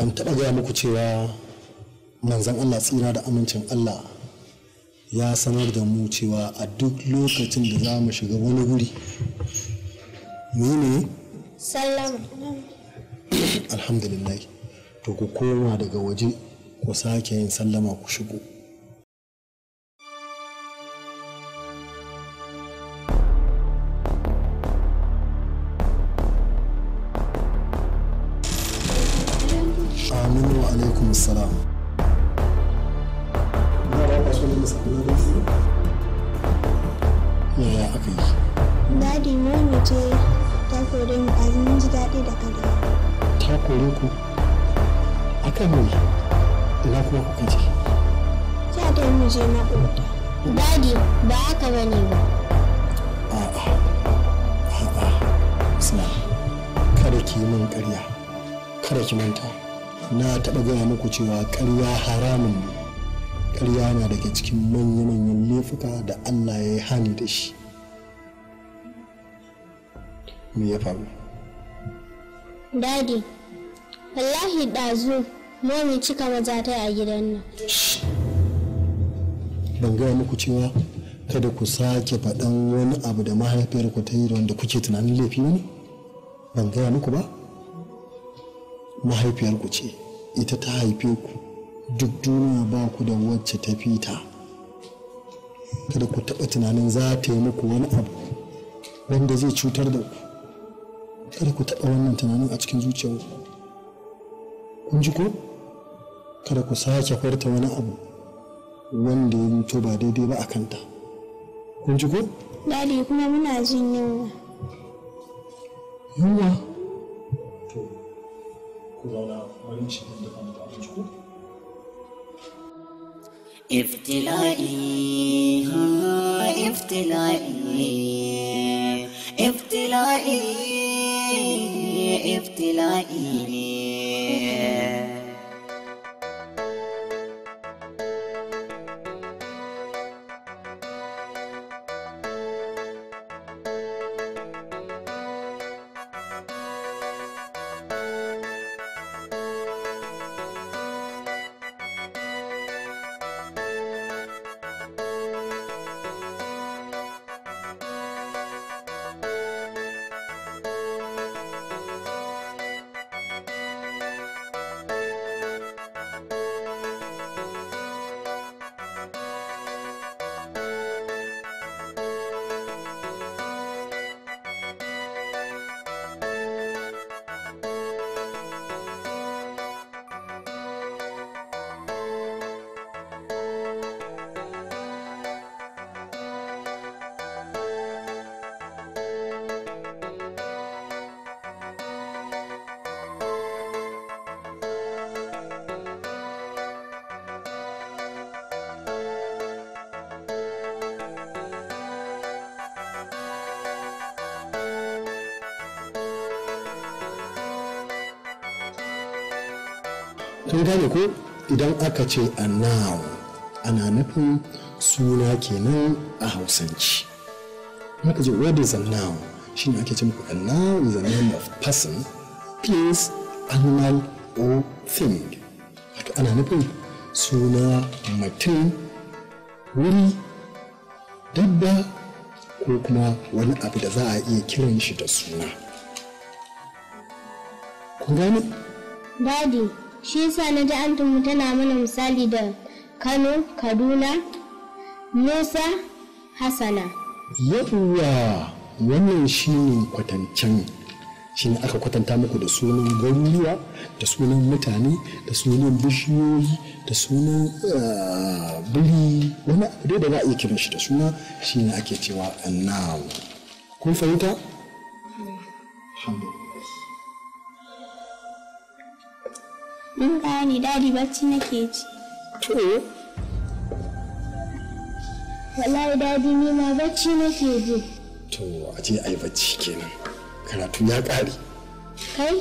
ban taɓa gaya muku cewa manzan Allah tsira da amincin Allah ya sanar da mu cewa a duk lokacin da za mu shiga wani guri ne sallam alhamdulillah to ku koma daga waje ku sake yin sallama ku shigo a kan mai ina kuma kuka ce ya da mu je maƙota dadi ba haka ba ne ba a'a a'a suna kada ki yi min karya kada ki manta na taɓa gaya muku cewa karya haramun ne karya na daga cikin manya-manyan laifuka da allah ya yi hani da shi me ya faru Daddy, wallahi ɗazu momi cika maza ta a gidan nan ban gaya muku cewa kada ku sake faɗan wani abu da mahaifiyar ku ta yi da wanda kuke tunanin laifi ne ban gaya muku ba mahaifiyar ku ce ita ta haife ku duk duniya ba ku da wacce ta fita kada ku taɓa tunanin za ta yi muku wani abu wanda zai cutar da ku kada ku taɓa wannan tunanin a cikin zuciyarku kun ji ko kada ku sake farta wani abu wanda ya mutu ba daidai ba a kanta kun ji ko dadi kuma muna jin yunwa yunwa to ku zauna wani cikin da kuma ta ji ko iftilai ها ابتلائي ابتلائي kun gane ko idan aka ce a ana nufin suna kenan a hausanci maka ji what is a shi ne ake ce muku a noun is a name of person place animal or thing haka ana nufin suna mutum wuri dabba ko kuma wani abu da za a iya kiran shi da suna kun gane? Daddy. shi yasa na ji antinmu tana mana misali da kano kaduna musa hasana yawwa wannan shi ne kwatancen shi ne aka kwatanta muku da sunan garuruwa da sunan mutane da sunan bishiyoyi da sunan ah, buri wani abu da za a iya kiran shi da suna shi ne ake cewa annawa kun fahimta? Mm. alhamdulillah Mun gane dadi bacci nake ji. To. Wallahi dadi ni ma bacci nake ji. To a je ai bacci kenan. Karatu ya ƙare. Kai,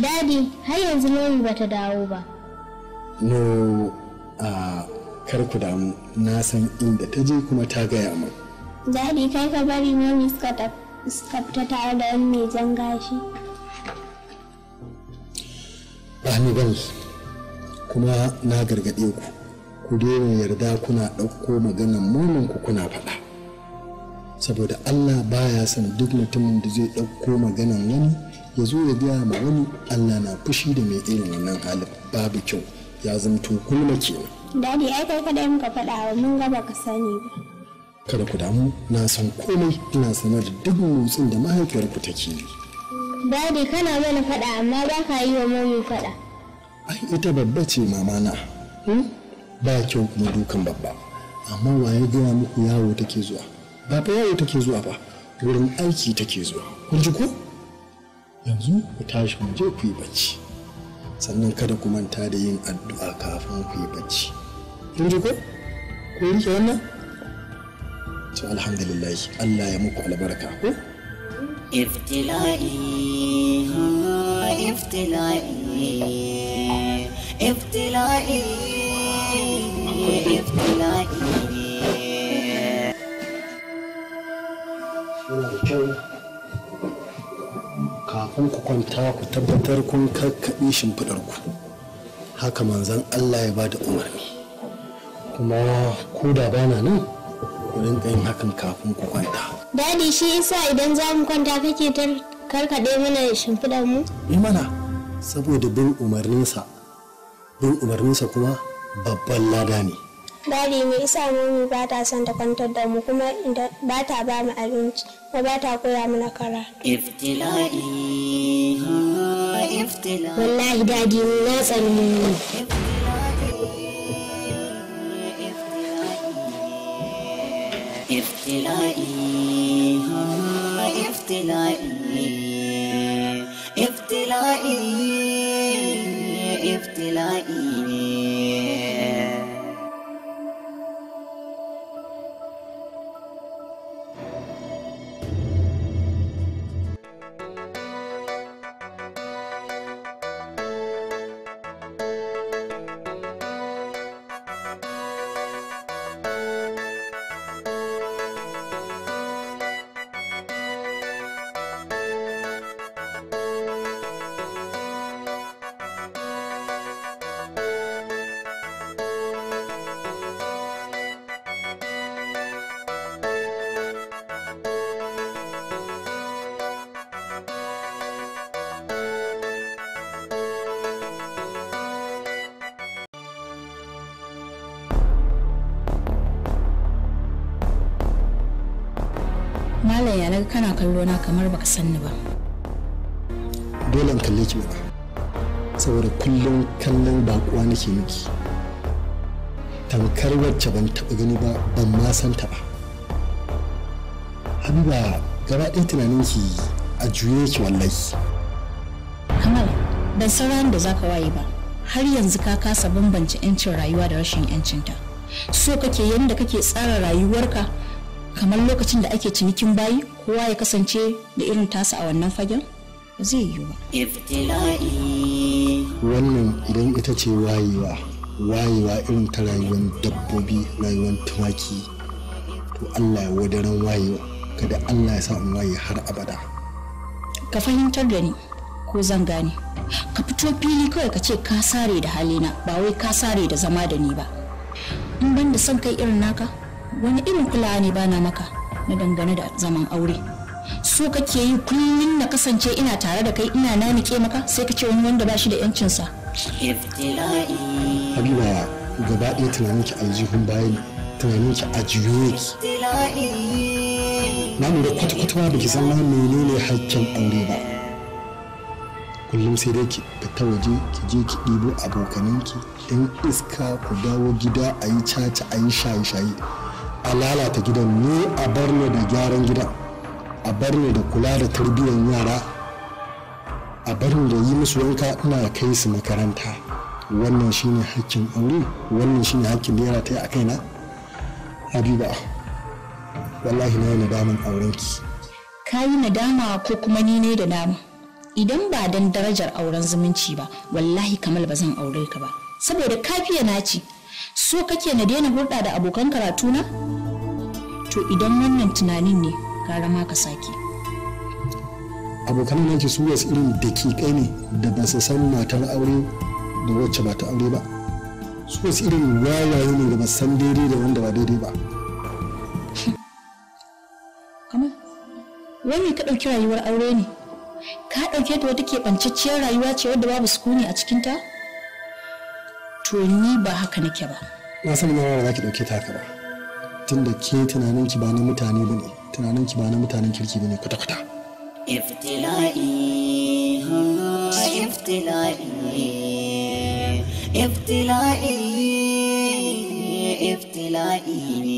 dadi har yanzu ba bata dawo ba. No, a kar ku damu na san inda ta je kuma ta gaya min. Dadi kai ka bari mami suka fita tare da mai jan gashi. ɗaliban kuma na gargaɗe ku ku daina yarda kuna ɗauko maganan munin ku kuna faɗa saboda Allah baya son duk mutumin da zai ɗauko maganan wani ya zo ya gaya ma wani Allah na fushi da mai irin wannan halin babu kyau ya zamto ke kenan. Dadi ai kai kaɗai muka faɗa wa mun gaba ka sani ba. Kada ku damu na san komai ina sanar da duk motsin da mahaifiyarku take yi. Dadi kana mana faɗa amma ba ka yi wa mami faɗa. Ai ita babba ce mama na. Hmm? Ba kyau kuma dukan babba. Amma waye gaya muku yawo take zuwa. Ba fa yawo take zuwa ba. Wurin aiki take zuwa. Kun ji ko? Yanzu ku tashi mu je ku yi bacci. Sannan kada ku manta da yin addu'a kafin ku yi bacci. Kun ji ko? Ku rike wannan? To alhamdulillah Allah ya muku albarka ko? iftila'i iftila'i iftila'i kafin ku kwanta ku tabbatar kun kakkaɓe shimfiɗarku haka manzan Allah ya ba da umarni kuma ko da bana nan ku rinka yin hakan kafin ku kwanta Dadi shi isa idan za mu kwanta kake karkaɗe mana shimfiɗar mu? Eh mana saboda bin umarninsa. Bin umarninsa kuma babban lada ne. Dadi me isa mu ba ta son ta kwantar da mu kuma ba ta ba mu abinci kuma ba ta koya mana kara. Iftila'i iftila'i. Wallahi dadi na tsanani. If did I ابتلائي ابتلائي ابتلائي ga kana kallo na kamar baka san ni ba dole in kalle ki ba saboda kullum kallon bakuwa nake miki tamkar wacce ban taɓa gani ba ban ma san ta ba habiba gaba ɗaya tunaninki a juye ki wallahi kamal ban san sauran da zaka waye ba har yanzu ka kasa bambance 'yancin rayuwa da rashin 'yancin ta so kake yanda kake tsara rayuwarka kamar lokacin da ake cinikin bayi kowa ya kasance da irin tasa a wannan fagen zai yi ba. wannan idan ita ce wayewa wayewa irin ta rayuwar dabbobi rayuwar tumaki to allah ya wadaran wayewa kada allah ya sa in waye har abada ka fahimtar da ni ko zan gane ka fito fili kawai ka ce ka sare da halina ba wai ka sare da zama da ni ba in ban da son kai irin naka wani irin kulawa ne bana maka na dangane da zaman aure so kake yi kullum na kasance ina tare da kai ina nanike maka sai ka ce wani wanda ba shi da yancinsa habiba gaba ɗaya ki aljihun bayan ki a yake na lura kwata-kwata san ma menene hakkin aure ba kullum sai dai ki fita waje ki je ki ɗibo abokananki ɗan iska ku dawo gida a yi caca a yi shaye-shaye a lalata gidan ne a bar ne da gyaran gidan a bar ne da kula da tarbiyyar yara a bar ne da yi musu wanka ina kai su makaranta wannan shine hakkin aure wannan shine hakkin da yara ta yi a kaina habiba wallahi na yi nadaman aurenki ka yi nadama ko kuma ni ne da dama idan ba dan darajar auren zumunci ba wallahi kamal ba zan aure ka ba saboda kafiya na ce so kake na daina hulɗa da abokan karatuna? To idan wannan tunanin ne gara ma ka sake. Abokan nake su wasu irin daƙiƙai ne da ba su san matar aure da wacce ba ta aure ba. Su wasu irin wawaye ne da ba san daidai da wanda ba daidai ba. Kama, wani ka ɗauki rayuwar aure ne? Ka ɗauke ta wata keɓancacciyar rayuwa ce wadda babu sukuni a cikinta? to ni ba haka nake ba na san ma za ki dauke ta haka ba tunda ke tunanin ki ba na mutane bane tunanin ki ba na mutanen kirki bane kwata kwata iftila'i iftila'i iftila'i iftila'i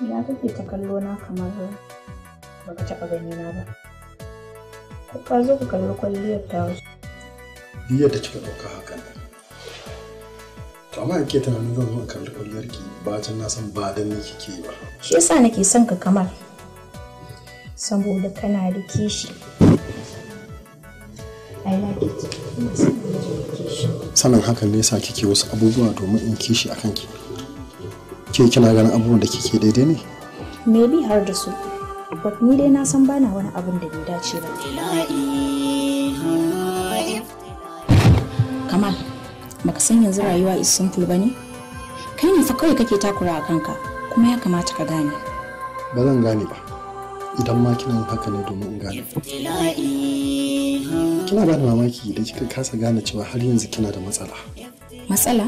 Ina kake ta kallo na kamar baka taɓa gani na ba ko ka zo ka kalli kwalliyar ta wasu biyar ta kika ɗauka hakan to amma ake tunanin zan zo kalli kwalliyar ki ba can na san ba dan ni kike ba shi yasa nake son ka kamar saboda kana da kishi I like it. Sanin hakan ne yasa kike wasu abubuwa domin in kishi akan ki. ke kina ganin abubuwan da kike daidai ne me bi har da su but ni dai na san bana wani abun da bai dace ba kamal baka san yanzu rayuwa is simple ba ne kai ne fa kawai kake takura a kanka kuma ya kamata ka gane ba zan gane ba idan ma kina haka ne domin in gane kina ba da mamaki da kika kasa gane cewa har yanzu kina da matsala matsala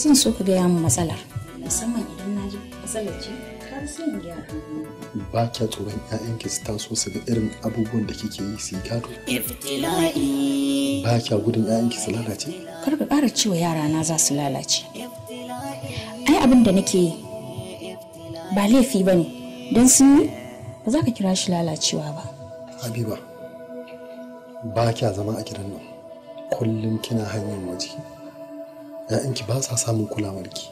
zan so ka gaya min matsala. ba kya tsoron yayanki su taso su ga irin abubuwan da kike yi su yi gado ba kya gudun 'ya'yanki su lalace kar ka ƙara cewa yara na za su lalace ai abin da nake yi ba laifi ba ne don sun yi ba za ka kira shi lalacewa ba habiba ba kya zama a gidan nan kullum kina hanyar waje ‘ya'yanki ba sa samun kulawarki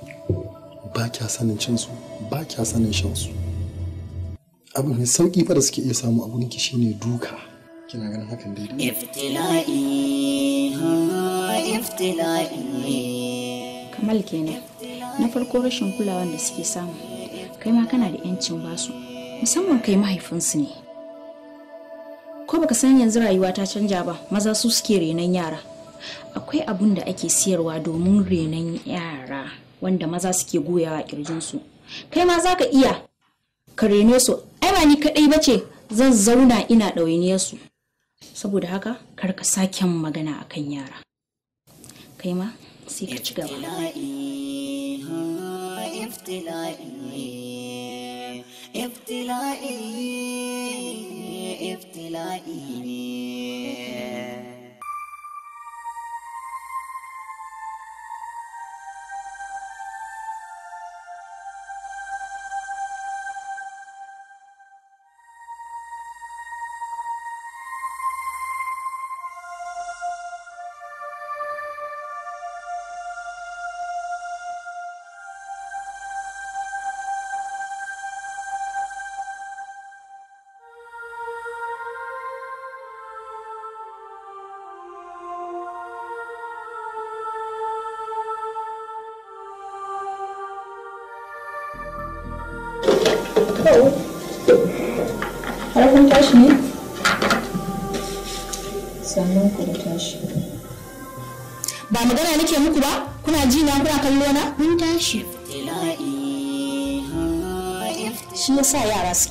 ba kya sanin cinsu ba kya sanin shansu abu mai sauƙi fa da suke iya samu abu ki shine duka kina ganin hakan daidai iftila'i iftila'i kamal kenan na farko rashin kulawa da suke samu kai ma kana da yancin basu musamman kai mahaifinsu ne ko baka san yanzu rayuwa ta canja ba maza su suke renon yara akwai abun da ake siyarwa domin renon yara wanda maza suke goyawa kirjinsu kai ma za ka iya ka rene su ai ba ni kaɗai ba ce zan zauna ina ɗawainiyar su saboda haka kar ka sake magana akan yara kai ma sai ka ci gaba ibtila'i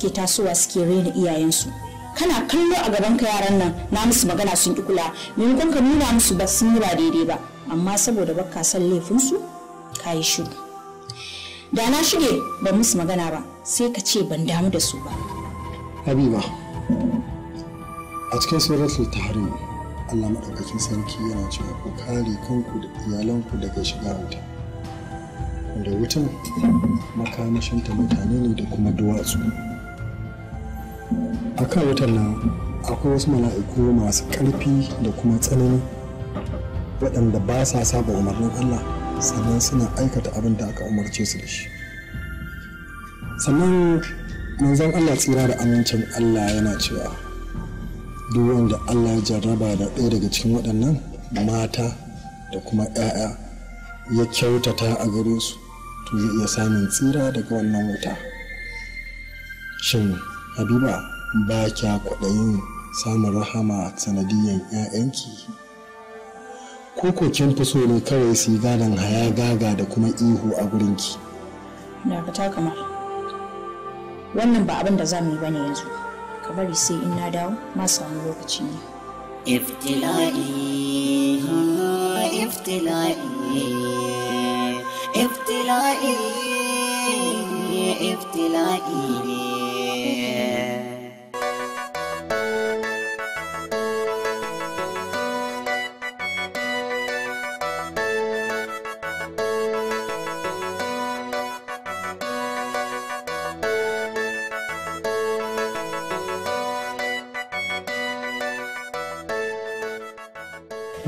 suke tasowa suke raina iyayensu kana kallo a gaban ka yaran nan na musu magana sun ki kula maimakon ka nuna musu ba sun yi ba daidai ba amma saboda baka san laifin su ka yi shiru da na shige ban musu magana ba sai ka ce ban damu da su ba habiba a cikin suratul tahrim Allah madaukakin sarki yana cewa ku kare kanku da iyalanku daga shiga wuta wanda wutan makamashinta mutane ne da kuma duwatsu a kan watan nan akwai wasu mala'iku masu ƙarfi da kuma tsanani waɗanda ba sa saba umarnin Allah sannan suna aikata abin da aka umarce su da shi sannan manzon Allah tsira da amincin Allah yana cewa duk wanda Allah ya jarraba da ɗaya daga cikin waɗannan mata da kuma ‘ya'ya ya kyautata a gare su to zai iya samun tsira daga wannan wuta shin a ba kya kwaɗayin samun rahama sanadiyan 'ya'yanki ko ko kin fi so ne kawai su yi haya gaga da kuma ihu a gurinki dakata kamar wannan ba abin da za mu yi bane yanzu ka bari sai in na dawo ma samu lokaci ne iftila'i iftila'i iftila'i iftila'i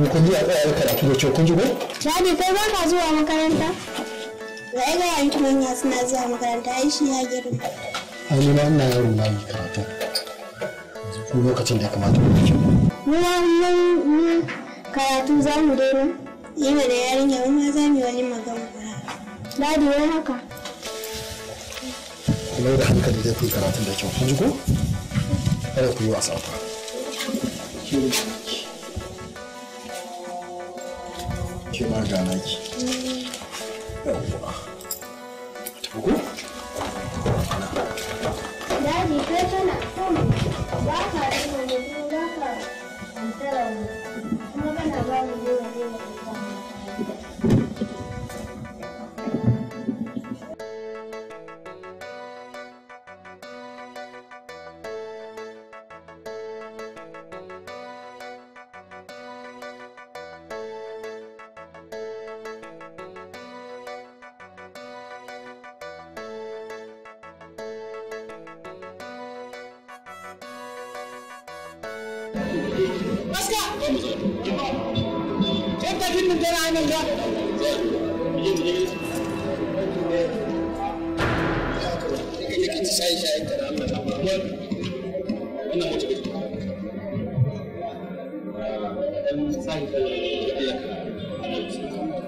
mu kun ji a tsaya karatu da cewa kun ji ko Ladi kai ba ka zuwa makaranta da ai ga yanki manya suna zuwa makaranta ai shi ya girma ai ma ina yaro na yi karatu ko lokacin da ya kamata mu ci mu mun karatu za mu daina yi da yarinya mu ma za mu yi wani magana Ladi wai haka kuma da hankali zai fi karatun da kyau kun ji ko kada ku yi wasa ta Thank you. ke ma ga naki yawwa tafi daji kai ba ka kuma ba ne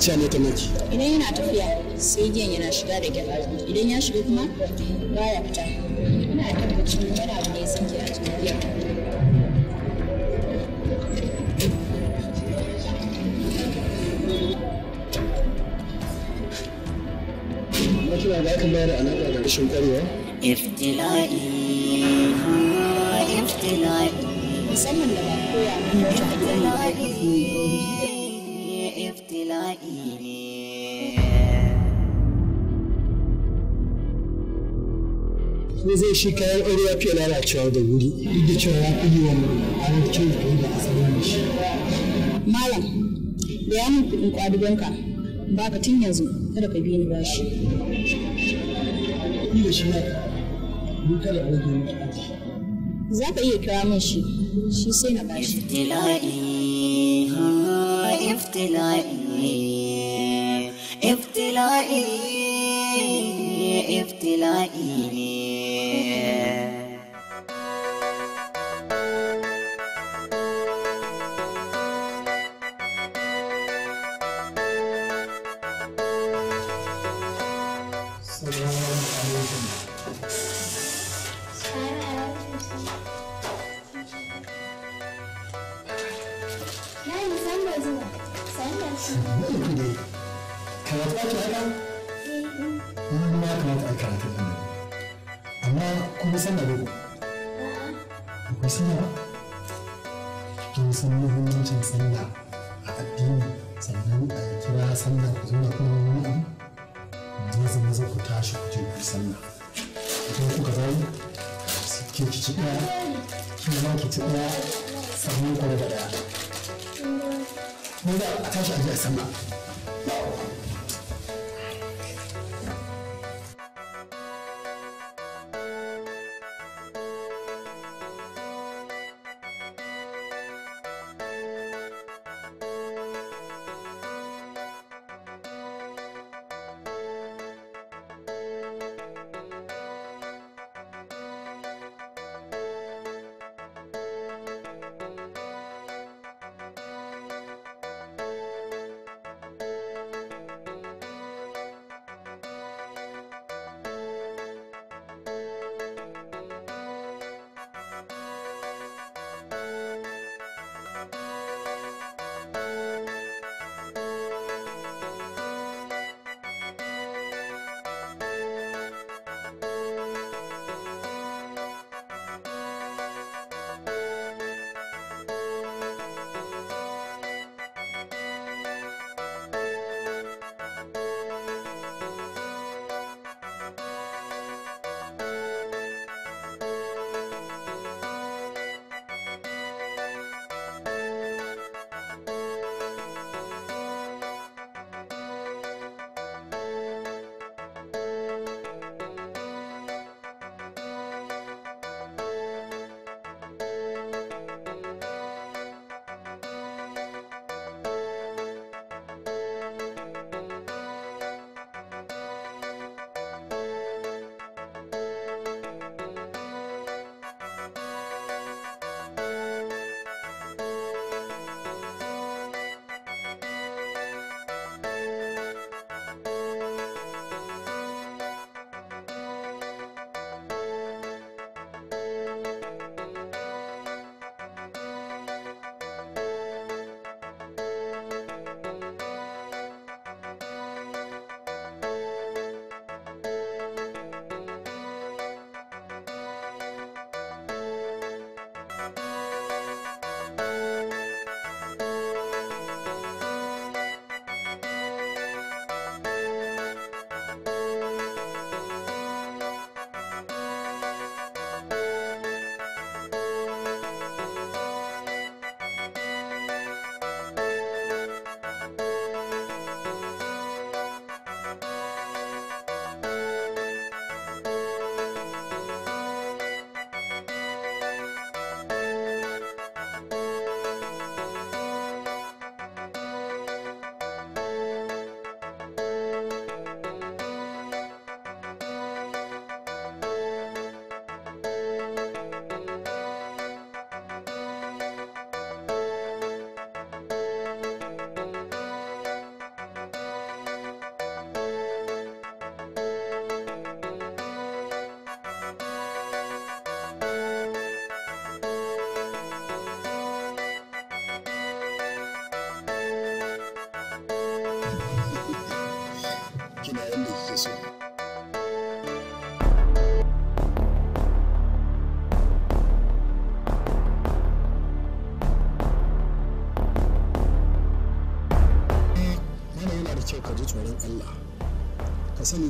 ce ne ta miki idan yana tafiya sai giyan yana shiga da gyaɓa idan ya shiga kuma ba ya fita ina tabbacin wani abu ne sun ke a cikin kina da aka bayar alaƙa da rashin ƙwarewa? Iftila'i, iftila'i. Musamman da ba koya mun wata hanyar dai shi kayan iri ya fiye lalacewa da wuri duk da cewa ya fi wa an ce ka yi da asalin shi. Malam, da ya min kuɗin kwadugonka ba ka tun yanzu kada ka biya ni bashi. Ni da shi na ni kada ka biya ni Za ka iya kira min shi, shi sai na bashi. Iftila'i, iftila'i, iftila'i, iftila'i ne.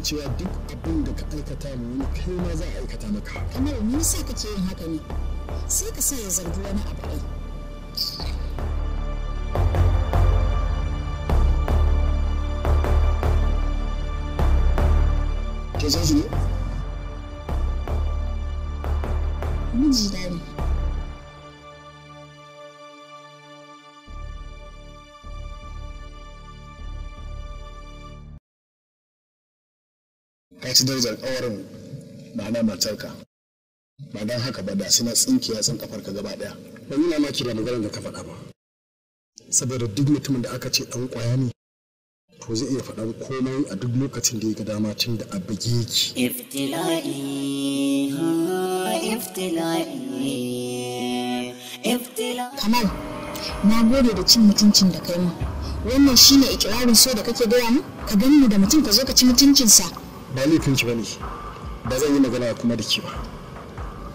cewa duk abin da ka aikata mu wani kai ma za a aikata maka. Kamar me yasa ce yin haka ne? Sai ka sa ya zargi wani abu. consider alƙawarin na matarka ba don haka ba da suna tsinkiya kafar ka gaba daya ba nuna maki da maganar da ka faɗa ba saboda duk mutumin da aka ce ɗan ƙwaya ne to zai iya faɗan komai a duk lokacin da ya ga dama tun da a bage yake iftila'i iftila'i kamal na gode da cin mutuncin da kai mu wannan shine ikirarin so da kake gaya mu ka gani da mutum ka zo ka ci mutuncinsa ba laifinki ba ne ba zan yi magana kuma da ke ba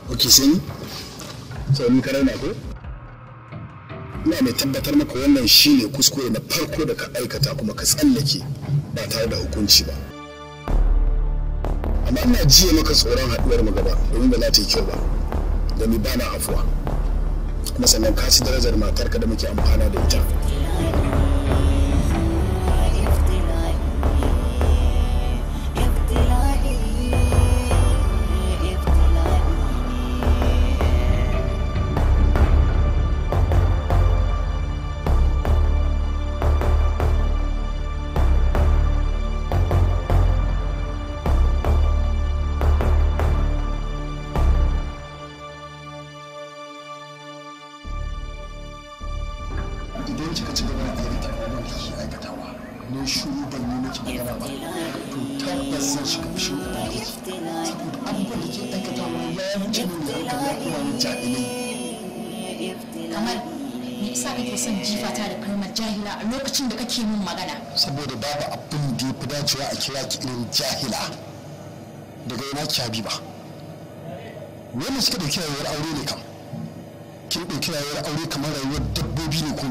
ok sai tsarin karar na ko ina mai tabbatar maka wannan shine kuskure na farko da ka aikata kuma ka tsallake ba tare da hukunci ba amma ina jiya maka tsoron haɗuwar mu gaba domin ba za ta yi kyau ba da ni na afuwa kuma sannan ka ci darajar matarka da muke amfana da ita kamar me isa kake son jifata da kalmar jahila a lokacin da kake min magana saboda babu abin da ya fi dacewa a kira ki irin jahila daga ina ki habiba wanda suka dauki rayuwar aure ne kam kin dauki rayuwar aure kamar rayuwar dabbobi ne ko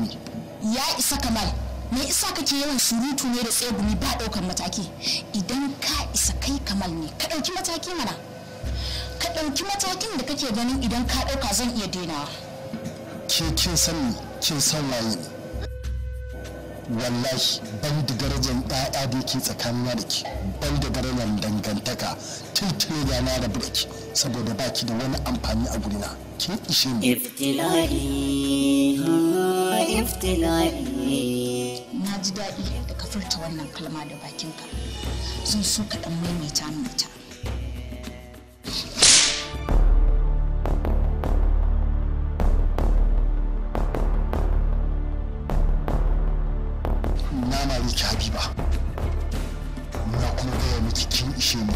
ya isa kamal me isa kake yawan surutu ne da tsegumi ba daukan mataki idan ka isa kai kamal ne ka dauki mataki mana ka ɗauki matakin da kake ganin idan ka ɗauka zan iya daina ke kin san kin san waye ne wallahi ban da darajar ɗaya da yake tsakanin da ke ban da darajar dangantaka tuntuni da na rabu da ke saboda baki da wani amfani a gurina ke ishe mu. iftila'i iftila'i na ji daɗi da ka furta wannan kalma da bakinka sun so ka ɗan maimaita mai ta. ce mu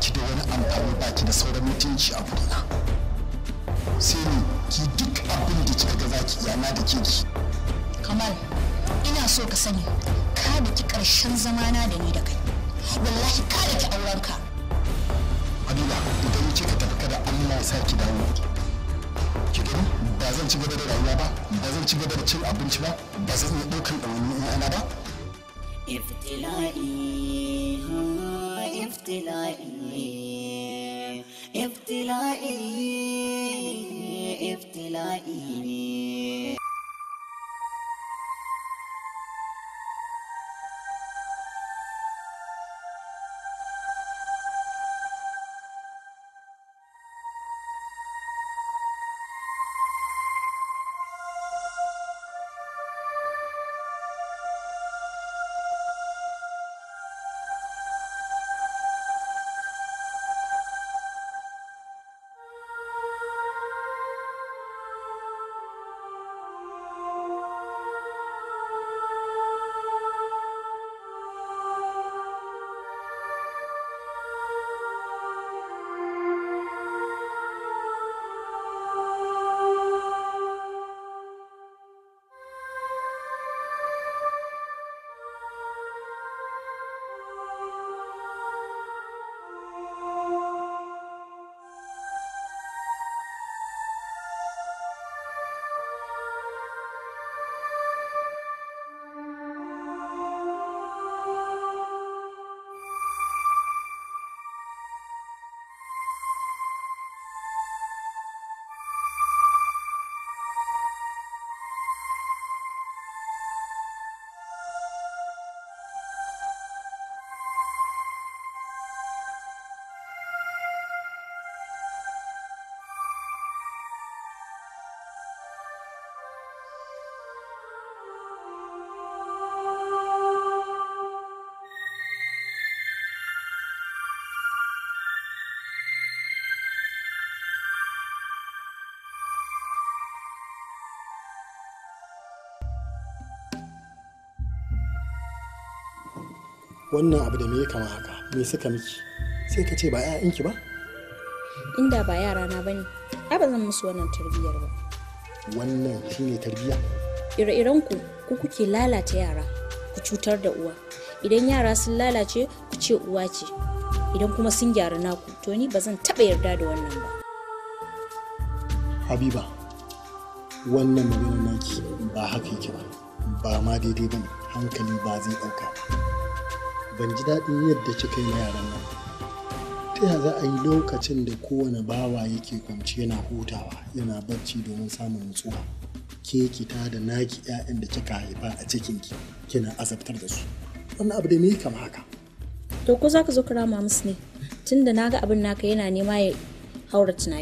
ki da wani amfani ki da sauran mutunci a gudana sai ne ki duk abin da kika ga za ki yana na da ke ki kamal ina so ka sani ka da ki karshen zamana da ni da kai wallahi ka da ki aurenka adila idan kika tafi kada Allah ya sa ki dawo ki gani ba zan ci gaba da rayuwa ba ba zan ci gaba da cin abinci ba ba zan iya ɗaukan ɗawainin iyana ba. Iftila'i hmm. ibtila'i ibtila'i ibtila'i wannan abu da me kama haka me suka miki sai ka ce ba ki ba inda ba yara na bane ai ba zan musu wannan tarbiyyar ba wannan shine tarbiyya ire-iren ku ku kuke lalata yara ku cutar da uwa idan yara sun lalace ku ce uwa ce idan kuma sun gyara naku to ni ba zan taɓa yarda da wannan ba habiba wannan maganar naki ba haka yake ba ba ma daidai bane hankali ba zai ɗauka ba ban ji daɗin yadda kika yi yaran nan ta za a yi lokacin da kowane bawa yake kwance yana hutawa yana barci domin samun nutsuwa ke ki da naki 'ya'yan da kika haifa a cikinki kina azabtar da su wannan abu da me kama haka to ko za ka zo ka rama musu ne tunda naga abin naka yana nema ya haura na.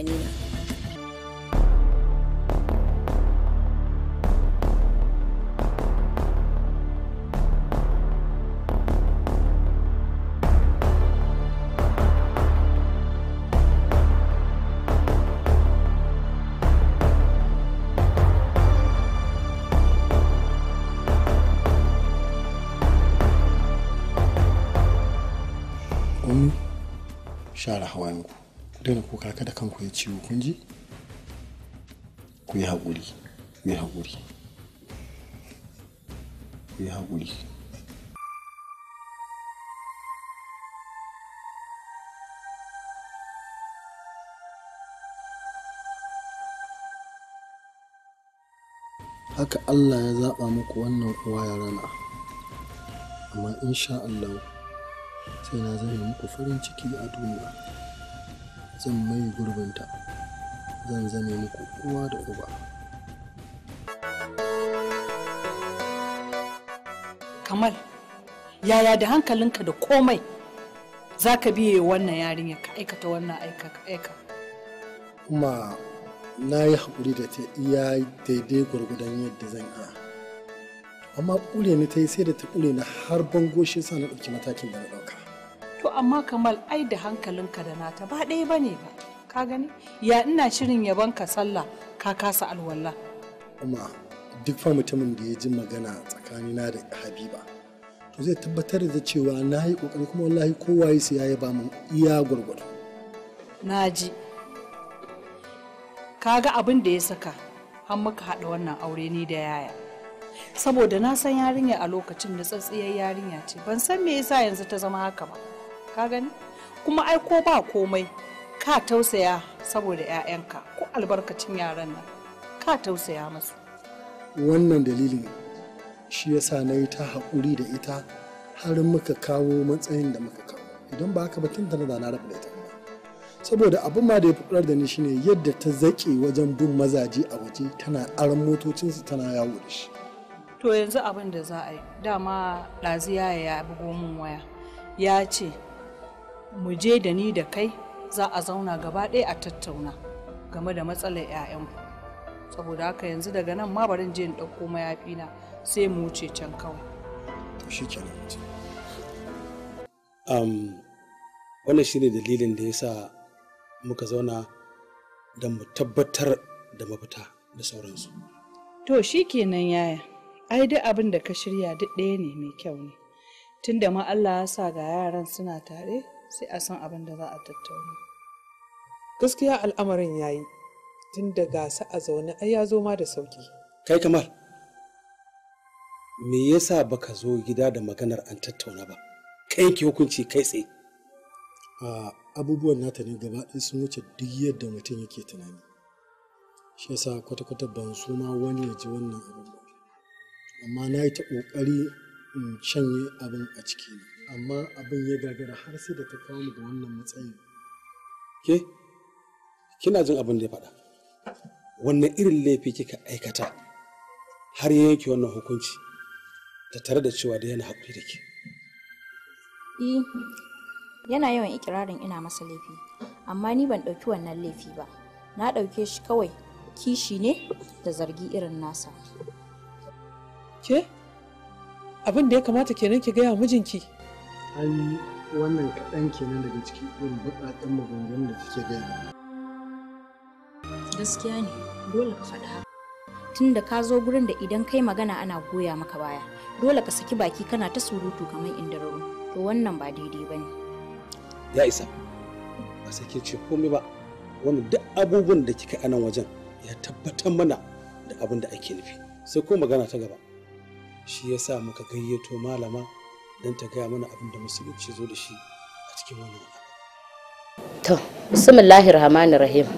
daina kuka da kanku ya ciwo kun ji ku yi haƙuri ku yi haƙuri ku yi haƙuri haka Allah ya zaɓa muku wannan uwa ya rana amma insha Allah sai na zama muku farin ciki a duniya zan mai gurbinta zan zame muku uwa da uba kamal yaya da hankalinka da komai za ka biye wannan yarinya ka aikata wannan aika kuma na yi haƙuri da ta iya daidai gwargwadon yadda zan a amma ƙure ni ta yi sai da ta ƙure na har bango shi sa na ɗauki matakin da na ɗauka to amma kamal ai da hankalinka da nata ba ɗaya ba ne ba ka gani ya ina shirin yaban ka sallah ka kasa alwala kuma duk fa mutumin da ya ji magana tsakanina da habiba to zai tabbatar da cewa na yi kokari kuma wallahi kowaye sai yayi ba mun iya gwargwado na ji ka ga abin da ya saka an muka haɗa wannan aure ni da yaya saboda na san yarinya a lokacin da tsatsiyar yarinya ce ban san me yasa yanzu ta zama haka ba ka gani kuma ai ko ba komai ka tausaya saboda 'ya'yanka ko albarkacin yaran nan ka tausaya masu wannan dalilin shi ya sa na yi ta haƙuri da ita har muka kawo matsayin da muka kawo idan ba haka ba tun da na rabu da ita saboda abin ma da ya fi da ni shine yadda ta zaƙe wajen bin mazaje a waje tana aran motocinsu tana yawo da shi to yanzu abin da za a yi dama ɗaziya ya bugo min waya ya ce mu je da ni da kai za a zauna gaba ɗaya a tattauna game da matsalar 'ya'yan ku saboda haka yanzu daga nan ma barin je in ɗauko mayafi na sai mu wuce can kawai to shi um, wannan shine dalilin da ya sa muka zauna don mu tabbatar da mafita da sauransu to shi ke nan yaya ai duk abin da ka shirya duk ɗaya ne mai kyau ne tunda ma Allah ya sa ga yaran suna tare sai a san abin da za a tattauna gaskiya al'amarin ya yi tun da gasa a zaune ai ya zo ma da sauki kai kamar me yasa baka zo gida da maganar an tattauna ba kai yanke hukunci kai tsaye a abubuwan nata ne gaba ɗaya sun wuce duk yadda mutum yake tunani shi yasa kwata-kwata ban so ma wani ya ji wannan abin amma na yi ta ƙoƙari in shanye abin a ciki ne amma abin ya gagara har sai da ta kawo mu da wannan matsayin ke kina jin abin da ya faɗa wannan irin laifi kika aikata har ya yanke wannan hukunci ta tare da cewa da yana haƙuri da ke e, yana yawan ikirarin ina masa laifi amma ni ban ɗauki wannan laifi ba na ɗauke shi kawai kishi ne da zargi irin nasa ke abin da ya kamata kenan ki gaya mijinki ayi wannan kaɗan kenan daga cikin irin baƙaƙen maganganun da suke gaya gaskiya ne dole ka faɗa haka da ka zo gurin da idan kai magana ana goya maka baya dole ka saki baki kana ta surutu kamar indararo to wannan ba daidai ba ne ya isa ba sake ce komai ba wani duk abubuwan da kika anan wajen ya tabbatar mana da abin da ake nufi sai ko magana ta gaba shi yasa muka gayyato malama don ta gaya mana abin da musulunci zo da shi a cikin wani to bismillahir rahmanir rahim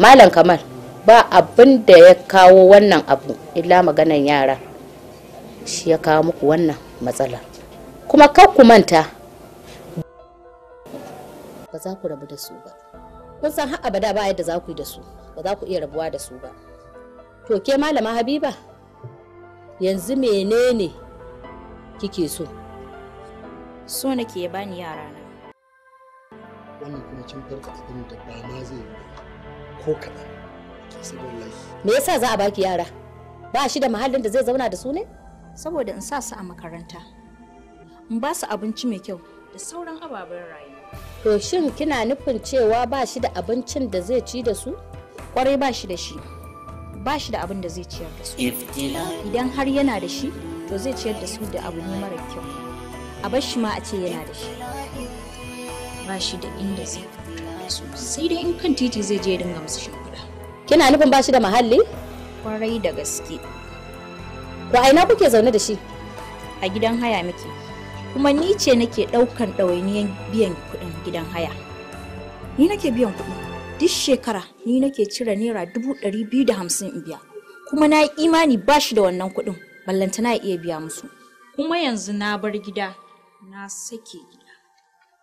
malam kamal ba abin da ya kawo wannan abu illa maganan yara shi ya kawo muku wannan matsala kuma kar ku manta ba za ku rabu da su ba kun san har abada ba yadda za ku yi da su ba za ku iya rabuwa da su ba to ke malama habiba yanzu menene kike so? So nake ya bani yarana. Wannan kuma kin farka abin da ba na zai ko kaɗan. Me yasa za a baki yara? Ba shi da mahallin da zai zauna da su ne? Saboda in sa su a makaranta. In ba su abinci mai kyau da sauran ababen rayuwa. To shin kina nufin cewa ba shi da abincin da zai ci da su? Kwarai ba shi da shi. Ba shi da abin da zai ciyar da su. Idan har yana da shi, to zai ciyar da su da abu ne mara kyau a bar shi ma a ce yana da shi ba shi da inda zai su sai dai in kan titi zai je dinga musu shimfiɗa kina nufin ba shi da muhalli kwarai da gaske ba aina kuke zaune da shi a gidan haya muke kuma ni ce nake ɗaukan ɗawainiyan biyan kuɗin gidan haya ni nake biyan kuɗi. duk shekara ni nake cire naira dubu ɗari biyu da hamsin in biya kuma na yi imani ba shi da wannan kuɗin na iya biya musu kuma yanzu na bar gida na sake gida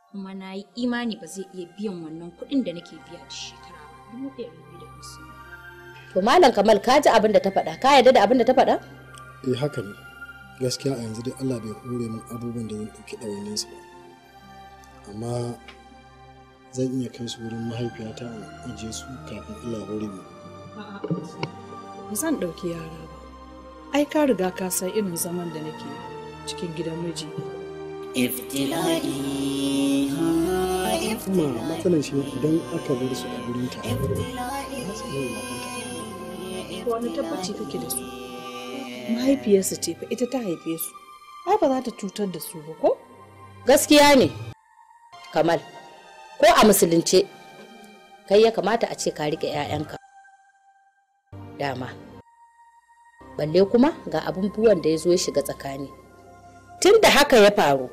kuma na yi imani ba zai iya biyan wannan kuɗin da nake biya da shekara ba biyu da to malam kamal ka ji abin da ta faɗa ka yarda da abin da ta faɗa eh haka ne gaskiya a yanzu dai Allah bai hore min abubuwan da zan ɗauki ɗawainin su ba amma zan iya kai su wurin mahaifiyata a ajiye su kafin Allah hore mu ba zan ɗauki yara ba ai ka riga ka san irin zaman da nake cikin gidan miji kuma matsalan shi idan aka bar su a gurin ta wani tabbaci kake da su mahaifiyarsa ce fa ita ta haife su ai ba za ta cutar da su ba ko gaskiya ne kamal ko a musulunce kai ya kamata a ce ka riƙe 'ya'yanka dama balle kuma ga buwan da ya zo ya shiga tsakani tun da haka ya faru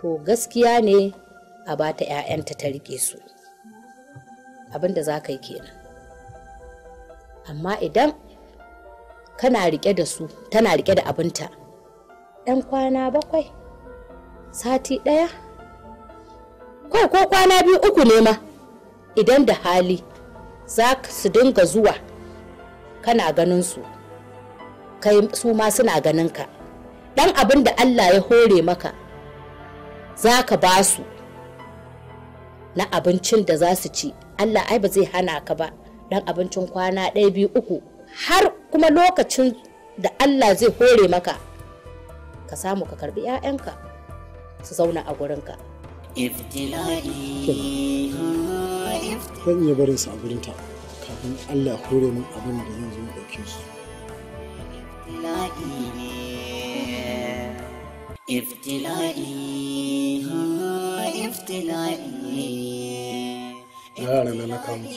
to gaskiya ne a ba ta 'ya'yanta ta riƙe su abin da za ka yi kenan amma idan kana riƙe da su tana riƙe da abinta ɗan kwana bakwai sati ɗaya kwai ko kwana biyu uku ne ma idan da hali za su dinga zuwa kana ganin su kai su ma suna ganin ka dan abin da Allah ya hore maka za ka ba su na abincin da za su ci Allah ai ba zai hana ka ba dan abincin kwana ɗaya biyu uku har kuma lokacin da Allah zai hore maka ka samu ka karbi 'ya'yanka su zauna a gurinka zan iya barin su a gurinta kafin Allah hore min abin da zan zo ɗauke su ibtila'i ne ibtila'i ibtila'i ne na na kamu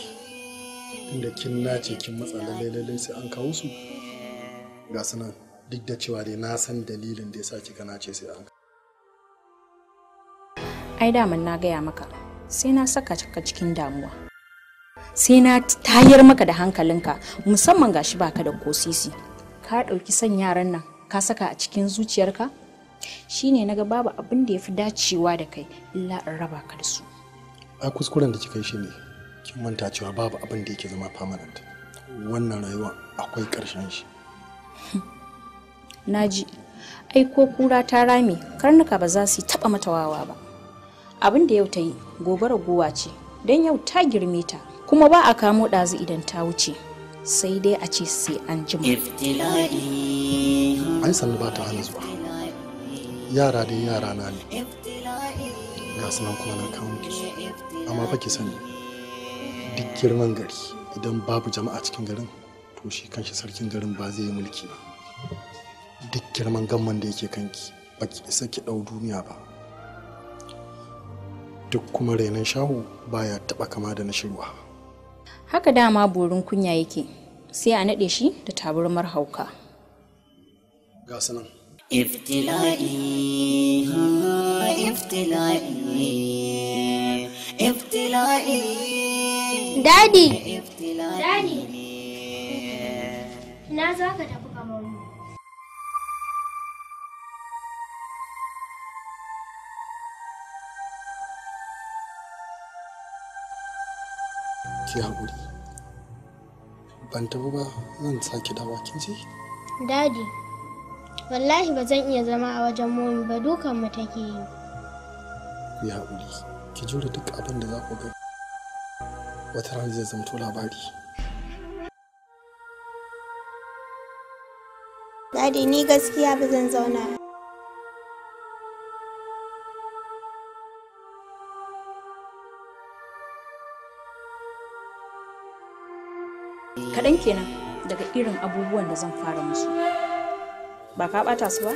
inda kin nace kin matsa lalle sai an kawo su ga sanan duk da cewa dai na san dalilin da ya sa kika nace sai an ai daman na gaya maka sai na saka ka cikin damuwa sai na tayar maka da hankalinka musamman gashi baka da ko sisi ka ɗauki son yaran nan ka saka a cikin zuciyarka shine na ga babu abin da ya fi dacewa da kai illa in raba ka da su a kuskuren da kika yi shi ne kin manta cewa babu abin da yake zama permanent wannan rayuwa akwai ƙarshen shi naji ai ko kura ta rame karnuka ba za su taɓa mata wawa ba abin da yau ta yi gobe ragowa ce don yau ta girme ta kuma ba a kamo ɗazu idan ta wuce sai dai a ce sai an jima ai sannu ba ta hana zuwa yara dai yara na ne ga nan kuma na kawo ki amma fa ki sani duk girman gari idan babu jama'a cikin garin to shi kanshi sarkin garin ba zai yi mulki ba duk girman gamman da yake kanki ba ki isa ki ɗau duniya ba duk kuma renan shahu baya taba kama da na shirwa haka dama borin kunya yake sai a naɗe shi da taburmar hauka ga sanan iftila'i iftila'i iftila'i dadi dadi na za ka tafi kamar ki haƙuri ban tafi ba zan sake dawa kin ji dadi wallahi ba zan iya zama a wajen momi ba dukan mu take yi ya haƙuri ki jure duk abin da za ku ga wata rana zai zamto labari dadi ni gaskiya ba zan zauna kaɗan kenan daga irin abubuwan da zan fara musu ba ka ɓata su ba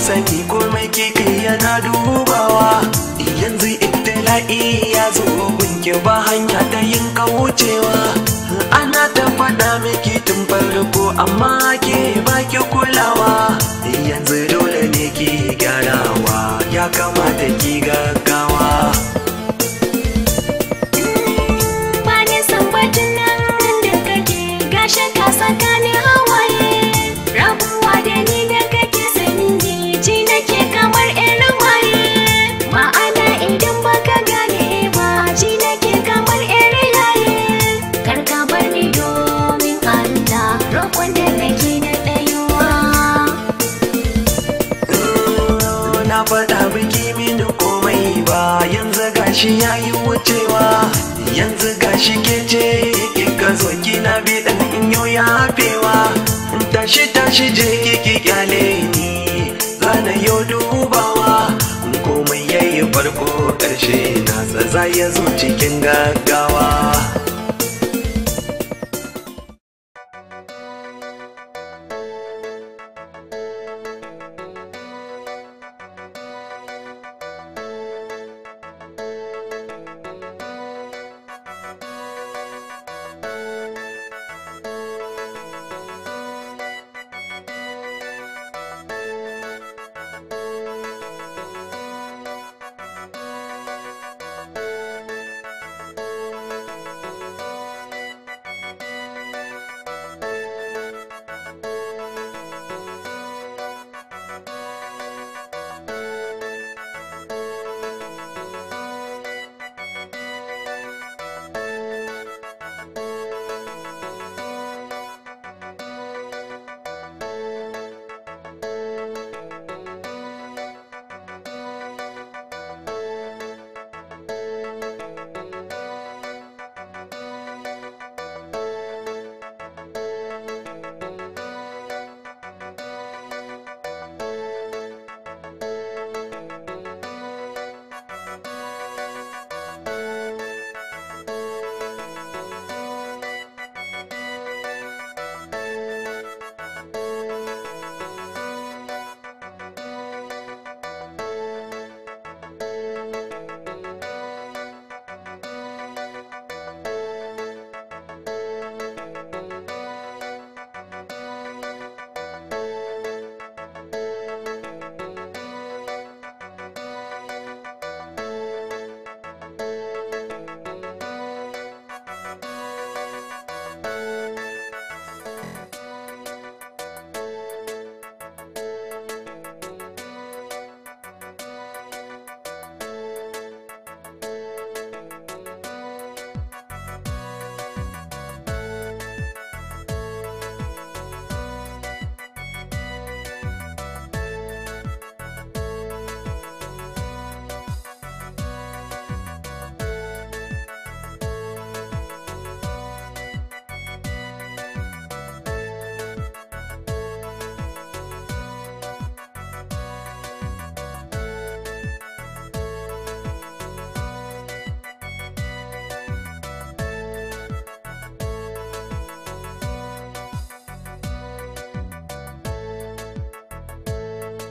sani komai kike yana dubawa yanzu ibtila'i ya zo gunke ba hanya ta yin kawucewa ana ta faɗa miki tun farko amma ke baki kula shi ya wucewa yanzu gashi ke ce ka zo kina bi dan in yo ya hafewa tashi tashi je ki kyale ni zana yo dubawa komai yayi farko karshe na tsaya ya zo cikin gaggawa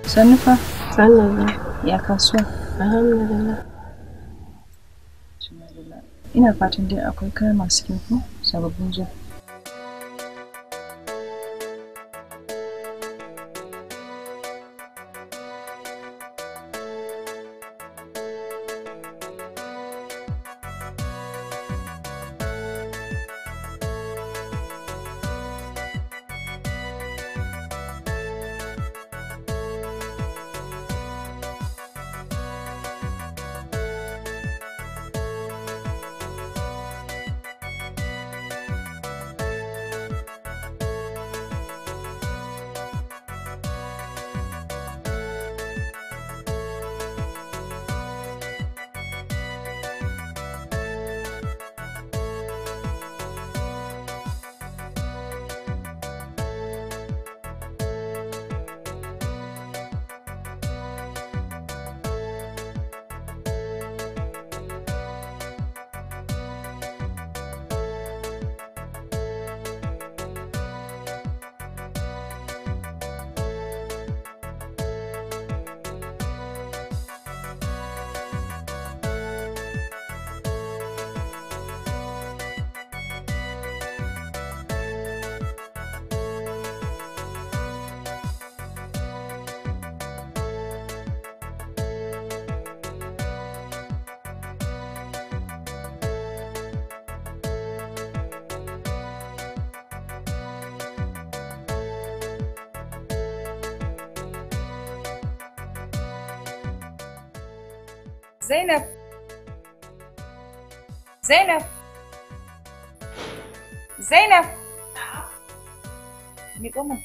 Sannufa? ne Ya kasuwa? Alhamdulillah. Ina fatan dai akwai kaya masu kyau ko sababbin jiya Zainab Zainab Zainab Miƙo min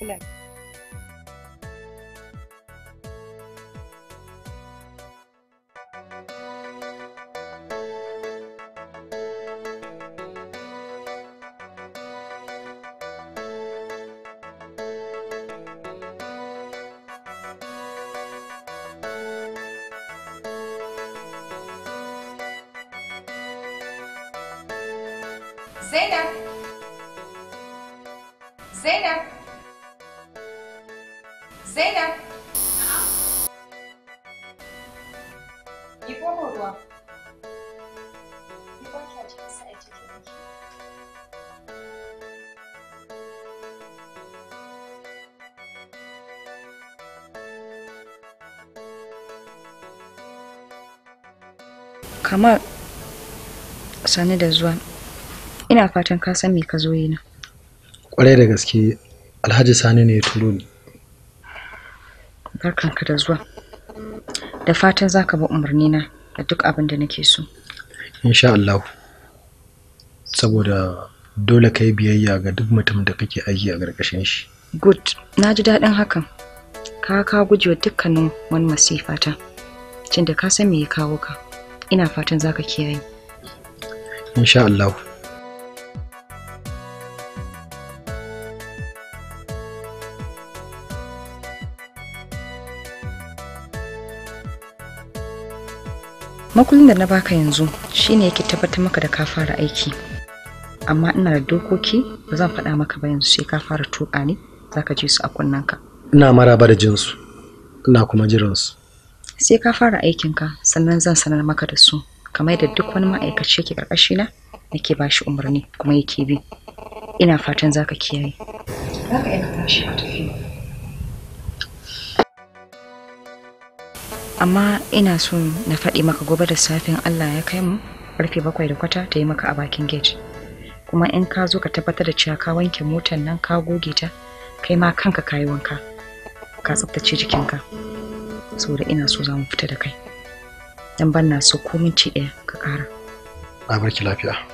amma sani da zuwa. Ina fatan ka san me ka zo yi na. Kwarai da gaske Alhaji Sani ne ya turo ni. Barkanka da zuwa. Da fatan zaka ka umarni na da duk abin da nake so. Insha Allah. Saboda dole ka biyayya ga duk mutum da kake aiki a ƙarƙashin shi. Good, na ji daɗin hakan. Ka ka gujewa dukkanin wani masifa cin da ka san me ya kawo ka. ina fatan za ka kiyaye insha Allah makullin da na baka yanzu shine yake tabbatar maka da ka fara aiki amma ina da dokoki ba zan faɗa maka ba yanzu sai ka fara tuƙa ne zaka ji su a kunnanka ina maraba da jinsu ina kuma jiransu sai ka fara aikinka sannan zan sanar maka da su kamar da duk wani ma'aikaci yake karkashi na nake ba shi umarni kuma yake bi ina fatan za ka kiyaye amma ina so na faɗi maka gobe da safin allah ya kai mu ƙarfe bakwai da kwata ta yi maka a bakin gate kuma in ka zo ka tabbatar da cewa ka wanke motar nan ka goge ta kai ma kanka kayi wanka ka tsaftace jikinka saboda ina so za fita da kai dan ban na so komin ci ɗaya ka ƙara a barki lafiya